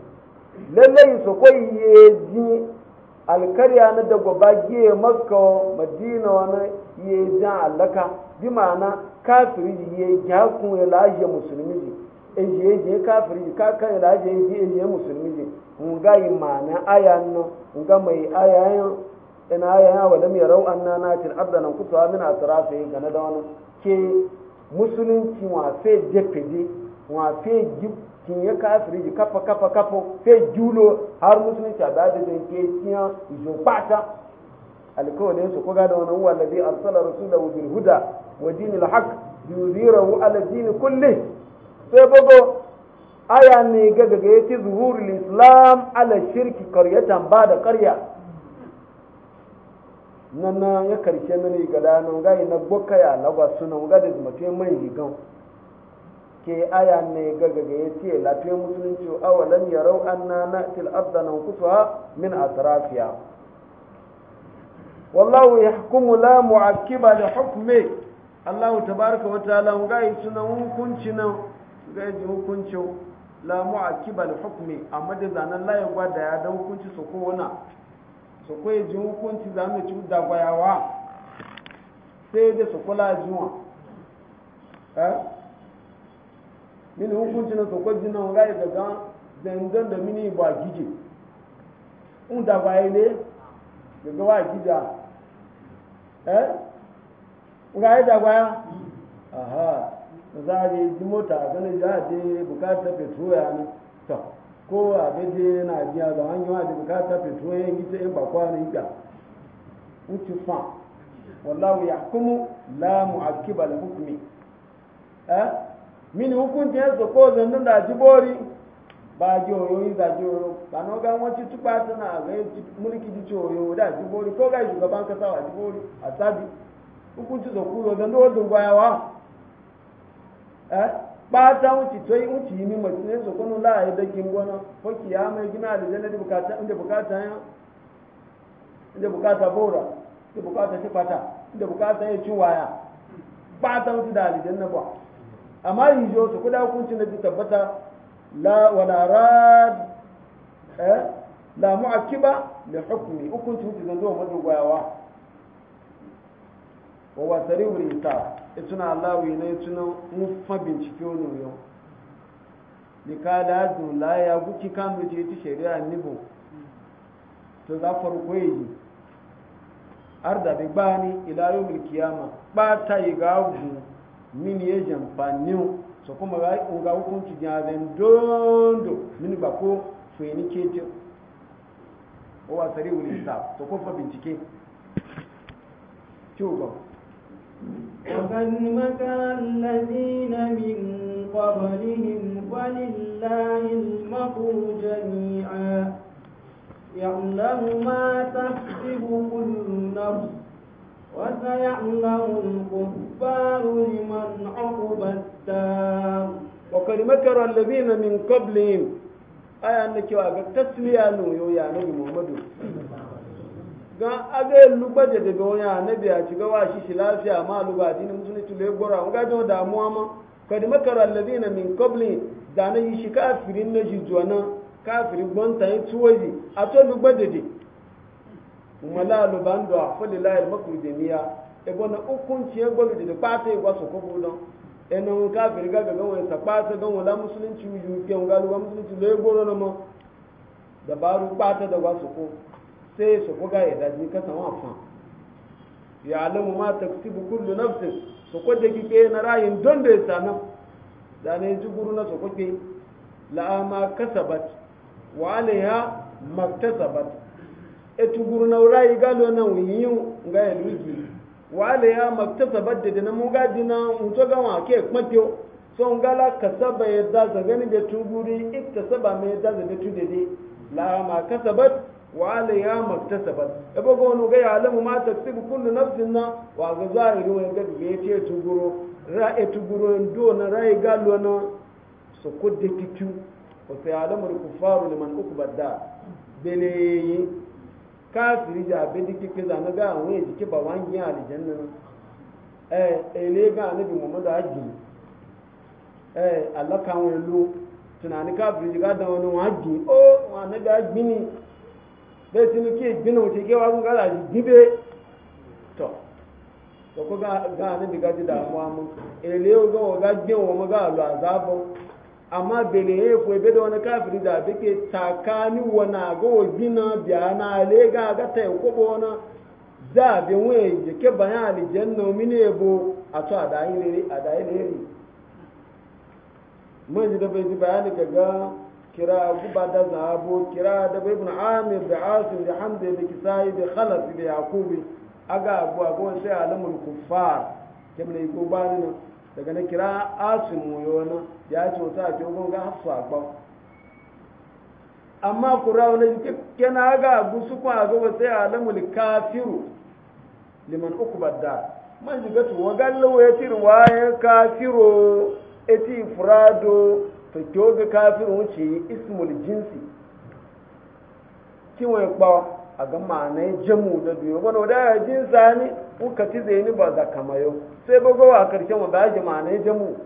lalle su koyi ji alkarya na da gaba giye makka madina wani ye ja alaka bi ma'ana kafiri ye ja kun ya laje musulmi ji e je je kafiri ka kan ya laje je je e musulmi ji mun ga yi ma'ana ayan nan mun ga mai ayan ina ya yi wa lam yarau anna natil arda nan kusa min asrafi gane da wani ke musulunci wa fe jefede wa fe kin ya kafiri ji kafa kafa kafa fe julo har musulunci a da da ke tiya ijo pata alkawalin su kuga da wani huwa alladhi arsala rasulahu bil huda wa dinil haqq liyudhirahu ala din kulli sai bogo aya ne gagaga yace zuhurul islam ala shirki qaryatan ba da qarya na ya karshe mini ga danon gai na boka ya lagwa suna ga da mace mai rigan ke aya ne gagaga ya ce lafiyar musulunci a ya rau an na na til abdanan kusa min tarafiya wallahu ya hukumu la mu'akkiba da hukume allahu tabaraka wa ta'ala gai suna hukunci nan gai ji hukuncin la mu'akkiba da hukume amma da zanen layan gwada ya da hukunci su kowana su kwaye ji hukunci za mu ci da gwayawa sai da su kula jiwa eh? mini hukunci na su kwa jina wura ya gaga zangan da mini ba gije in da gwaye ne gaga wa gija eh wura ya da gwaya aha za a je ji mota ganin za a je bukatar fetoya ne to ko a gaje na biya da hanyoyi da bukata fito ya yi ta in ba kwana yi ga fa wallahu ya hukumu la mu'akiba da hukumi eh mini hukunci ya so ko zannin da ji bori ba ji oro yi za ji oro ba na ga wanci tuba tana ga mulki ji ci oro da ji bori ko ga shugaban kasa wa ji bori a sabi hukunci da kuro zannin wadda eh bata wuce toyi wuce yi mimma ne su kunu la ya dakin gona ko kiyama ya gina da jannati bukata inda bukata ya inda bukata bora inda bukata ci fata inda bukata ya ci waya bata wuce da alijan na ba amma yi jo su kuda hukunci na bi tabbata la wala rad eh la mu'akiba li hukmi hukunci wuce zan zo madogawa wa wa sari'ul isa ituna Allah na ne ituna mu fa bincike ono la ya guki kan mu shari'a nibo to za farko yi arda bi gbani ila yawmil qiyama ba ta yi ga gu min ye so kuma ga ga hukunci ya zan dondo min ba ko fe ni ke je wa to ko fa bincike وقد مكر الذين من قبلهم ولله المكر جميعا يعلم ما تكسب كل نفس وسيعلم الكفار لمن عقب الدار وقد مكر الذين من قبلهم aya na cewa ga tasliya no yau ya nabi muhammadu gan aga lugba da daga wani annabi a ci gawa shi shi lafiya ma luba addinin musulunci tule gora an gajo damuwa ma kadi makara alladhina min da na yi shi kafirin na shi zuwa nan kafirin gwanta yi tuwaji a to lugba da de umala luba ndo a fali layar e na hukunci ya gbalu da pata e ya gwaso kobo don ẹnu káfìrí gàgà gan wọn yìí kẹwọn galuwa musulunci lóye gbóró na mọ dabaru pátá da wasu sai su kuga ya daji kasan sama ya alamu ma taksibu na nafsin su kwadda kike na rayin don da ya samu da ne ji guru na su kwake la'ama kasabat wa alaiha maktasabat tu guru na rayi galo na wiyu ga ya lugi wa alaiha maktasabat da dana mu gadi na mutu ga wa ke kmatiyo so ngala kasaba ya da gani da ikta saba mai da zagani tudede la'ama kasabat wale ya maktasabat ebe ga wani gaya alamu ma taksibu kullu nafsin na wa ga zahiri wani ga ya ce tuguro ra'e tuguro do na ra'e galo na su kudde titu wa sai alamu kufaru liman ukbadda beleyi kafiri ja be diki ke zana ga wani jike ba wangi na ga annabi muhammadu haji eh wani lo tunani ga da bai tuni ke gina wuce ke wa kun kala gibe to ko ga ga ne diga da mu mu ele o go ga gbe wo mu ga lo azabo amma bele e ko be da wani kafiri da bike takani wana go gina biya na le ga ga ta ko bona da bi we je ke bayan aljanna mi ne bo a to a da yin a da yin mun ji da bai ji bayani kira guba da zabo kira da ibn amir da asim da hamza da kisai da khalas da yakubi aga abu abu sai alamul kuffar kemne iko bani daga na kira asim yoyona ya ce ta ce gon ga hafsa ba amma qur'an ne kena aga abu su ko sai alamul kafiru liman ukbad da man jigatu wagallo ya tirwa ya kafiro eti furado to kyo ga kafirin wuce ismul jinsi wai kpa a ga ma'anai jamu da biyu wani wada ya jinsa ne kuka ti zai ni ba za kama yau sai bago a karshen wa ya ji ma'anai jamu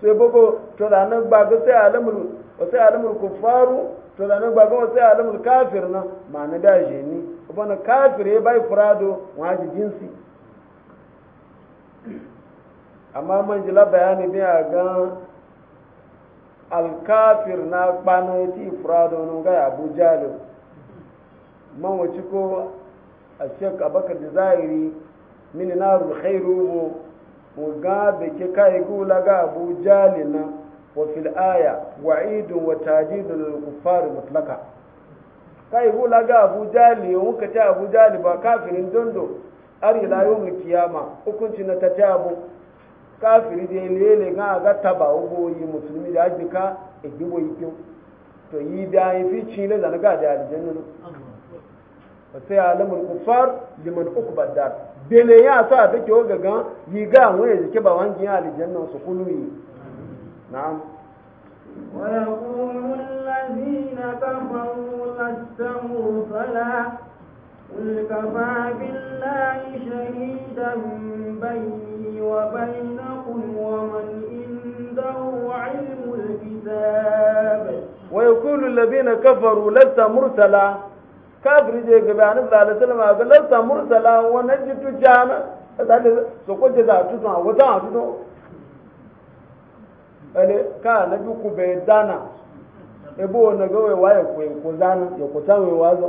sai bago to da nan ba ga sai alamul wa sai alamul kufaru to da nan ba ga sai alamul kafir na ma'ana da je ni wani kafir ya bai furado waji jinsi amma man jila bayani bi a gan alkafir na kpano ti ifrado nun gaya abu jalo man wace ko a shek abakar da zahiri mini na khairu mu mu ga da ke kai gula ga abu jalina wa fil aya idun wa tajidun lil mutlaka kai gula ga abu jali mun ka ta abu jali ba kafirin dondo har ila kiyama hukunci na ta tabu kafiri da ne ne ga ga taba ugo yi musulmi da ajika e yi tó to yi da yi fi ci ne zan ga da nínú. wa sai alamul kufar liman ukbad dar bele ya sa da kyau ga ga yi ga wani da ke ba wangin náà su kulu yìí. na'am ويقول الذين كفروا لست مرسلا كافر جي غبي عن الله عليه وسلم قال لست مرسلا ونجت جانا سوكو جزا تدون وزا تدون ale ka na bi ku bai dana ebe na gawe wa yekwe ko zana ya ko tawe wa zo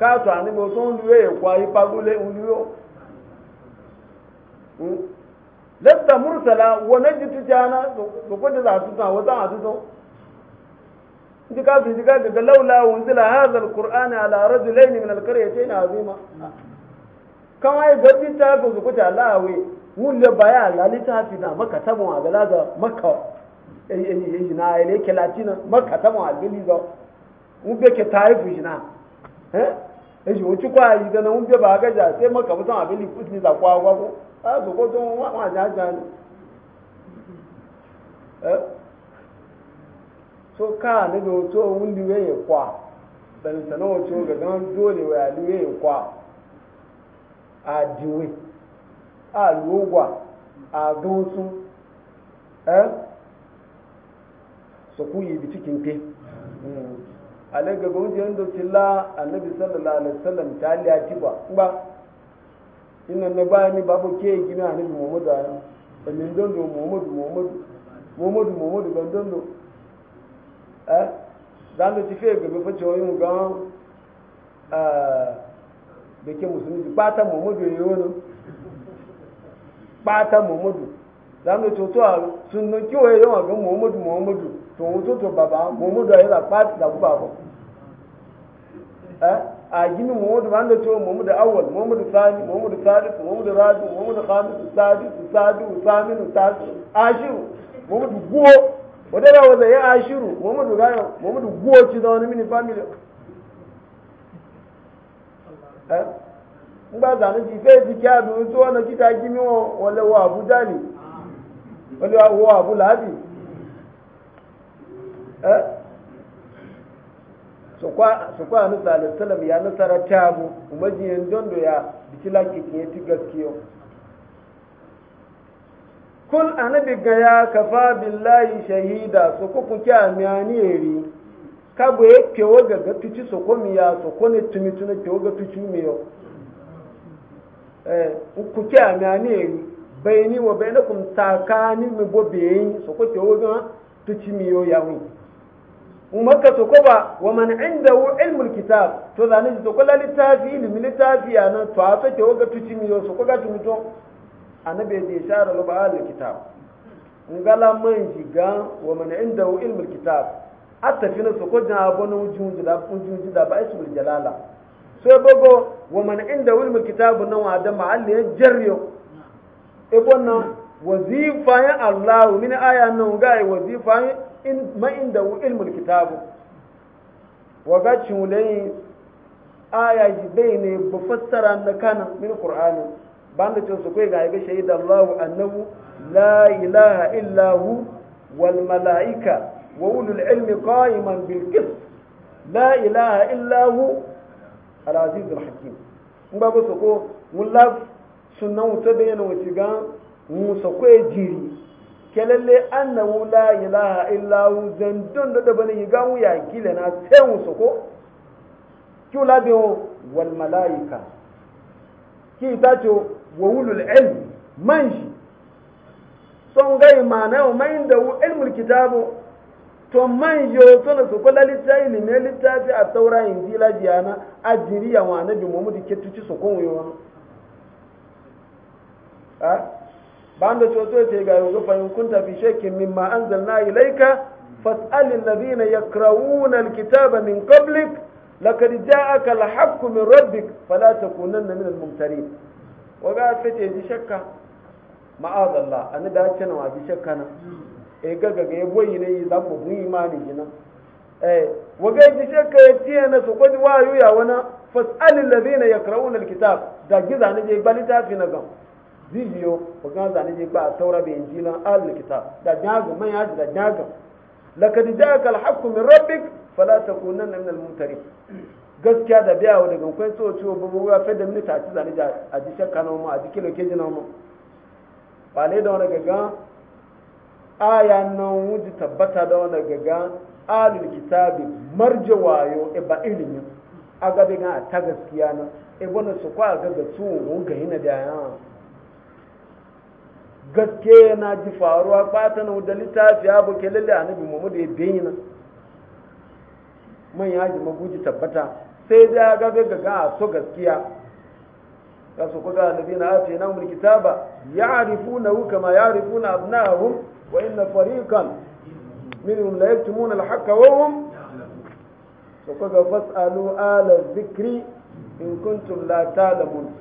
ka to ani bo so ndu ye kwa ipagule ndu yo lasta mursala wa najtu jana so ko da za su ta wa za su ji kafin ji kafin ga laula wunzila hazal qur'ani ala rajulain min al qaryatayn azima kama ya ga littafin su kuta lawe wulle baya la littafi da maka tabo a gala ga maka eh eh, eh, eh na ile ke latina maka tabo a gili ga mun be ke taifu jina eh eh ji wuci kwa yi da mun be ba ga ja sai maka mutan a gili kutni za kwa kwa ah, ko a go ko don wa ja ja eh so ka ne da wato liwe ya kwa sanitana wato ga gan dole wa ya waye kwa a diwe a logwa a gansu eh so ku yi bi cikin ke hmm. alaga ba wajen tilla annabi sallallahu alaihi wasallam ta liya tiba ba ina na ba ni babu ke gina annabi muhammadu anan sannan don do muhammadu muhammadu muhammadu muhammadu don eh zando ti fe gbe fo jo yun gan ke musulmi ti pata muhammadu yi wono pata muhammadu zando to to sunno o yo gan muhammadu muhammadu to won baba muhammadu la pat da eh a gini muhammadu ban da to muhammadu awwal muhammadu sani muhammadu muhammadu rabi muhammadu khamis sadis sadu ashiru wadana wadda ya ashiru muhammadu gayo muhammadu guwaci da wani mini family ngba eh? zanu ti fẹ́ ti kí adùn tó ọ̀nà kíta kí mi wọn lè wọ àbújá ni wọn lè wọ àbúláàbì ẹ sọkwa anu sàlẹ̀ sẹlẹm ya nasara taabu umarjiyar dondo ya bikila kikin ya ti gaskiyo kul anabi gaya kafa billahi shahida so ko ku kya miani eri ka bo e kewo ga ga tuci so ko miya so ko ne tumi tuna ga tuci miyo eh ku kya eri bayni wa bainakum takani mi bo bayin so ko kewo ga tuci miyo yawi umaka so ko ba wa man indahu ilmul kitab to zanin so ko la littafi ilmi littafi anan to a so kewo ga tuci miyo so ko ga tumuto annabi da ce lu ba'al kitab ngala man jiga wa man indahu ilmul kitab attafi na soko jan abun wujun da wujun da ba isu jalala so bogo wa man indahu ilmul kitab nan wa da ma'al ya jarriyo e bonna wazifa ya Allah min aya nan ga wazifa in ma indahu ilmul kitab wa ga chulai aya ji bai ne ba fassara na kana min qur'ani banda cin su kai ga ga shahida Allahu annahu la ilaha illa hu wal malaika wa ulul ilmi qa'iman bil qist la ilaha illa hu al aziz al hakim in ba ba soko mun la sunna wuta da yana wuce ga mu soko e jiri kelalle annahu la ilaha illa hu zandon da bane ga mu ya kila na sai mu soko kiu labe wal malaika ki tacho wa wulul ilm man shi son gai mana yau mai da ilmul kitabu to man yo to na kula littafi ne littafi a taura injila jiyana ajiriya wa nabi muhammad ke tuci su kun ba a banda coto ce ga yanzu fahim kun tafi shekin mimma anzalna ilaika fas'al alladhina yakrawuna alkitaba min qablik لقد جاءك الحق من ta فلا تكونن من الممترين waga fete ji shakka ma'azalla an da ce na bi shakka na e gaga ga yabo yi ne za mu bu imani gina eh waga ji shakka ya ce na su kwadi wayu ya wana fas'alil ladina yaqra'una alkitab da giza ne je balita fi na gam zijiyo waga za ne je ba taura be injila alkitab da jaga man ya da jaga lakad ja'aka alhaqqu min rabbik fala takunanna min almumtarin gaskiya da biya wadda gankwai so ciwo babu ya fai da minita a ci zane da a ji shakka na mu a ji kilo keji na mu ba ne da wani gaga aya nan wuji tabbata da wani gaga alul kitabi marje wayo e ba ilimin a gabe ga a ta gaskiya na e wani su kwa ga ga su wun ga hina da yana gaske na ji faruwa ɓata na wuda littafi ya buke lalle annabi mu da ya bayyana man ya ji maguji tabbata sai da gabe ga ga so gaskiya ya so kuga alladina atina umul kitaba ya'rifunahu kama ya'rifuna abna'ahum wa inna fariqan minhum la yaktumuna al-haqqa wa hum so kuga fas'alu ala dhikri in kuntum la ta'lamun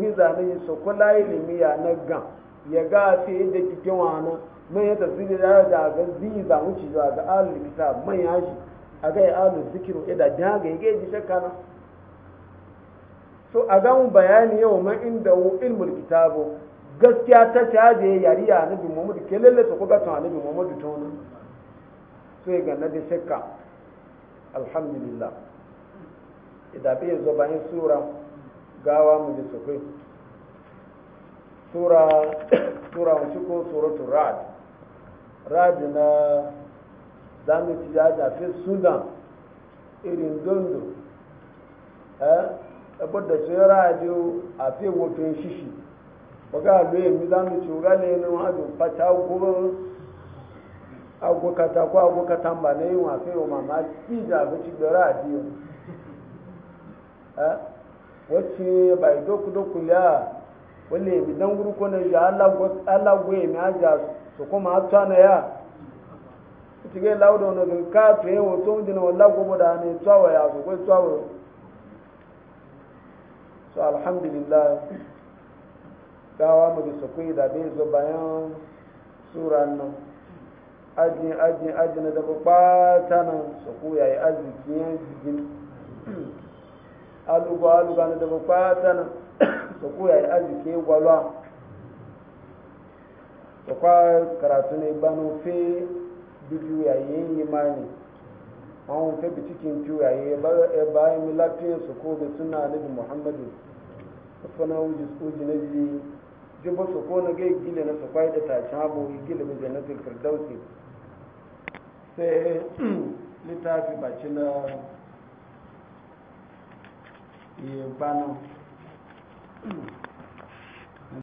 giza e ne so kula ilimi ya na gan ya ga sai da kike wana man ya tafsiri da da ga ziza za ga al-kitab man ya shi aga ya alu zikiru ida daga yage ji shakka na so a gan bayani yau ma inda wu ilmul kitabo gaskiya ta caje yari ya nabi muhammadu ke lalle su kuka tun nabi muhammadu tona so ya ganna da shakka alhamdulillah idan bai zo bayan sura gawa mu ji su sura sura ko suratul ra'd ra'd na za mu ci ya sudan irin dondo ɗabar da ce radiyo a fi wofin shishi waga loye mi za mu ci waga ne nan abin fata gurin agwakata ko agwakata ba na yi wafe wa mama ki da abinci da radiyo wacce bai doku doku ya wale mi dan guru ko na ya alagwe mi aja su kuma hatsa na ya tige laudo no ka fe wo to dina walla ko boda ne tsawa ya so ko tsawa so alhamdulillah dawa mu bi sokoi da be zo bayan sura no aji aji aji na da ba ta ya soko yayi arziki yan jigin alugo alugo na da ba ta nan soko yayi arziki gwalwa to karatu ne banu fi biyu yayin imani an ta bi cikin kiwo yayi Ba bayan milafiyar su ko da suna nabi muhammadu fana wuji ji na ji ba su ko na gai gile na su kwai da tashi habo gile mai jannatin firdausi sai littafi baci na yi banan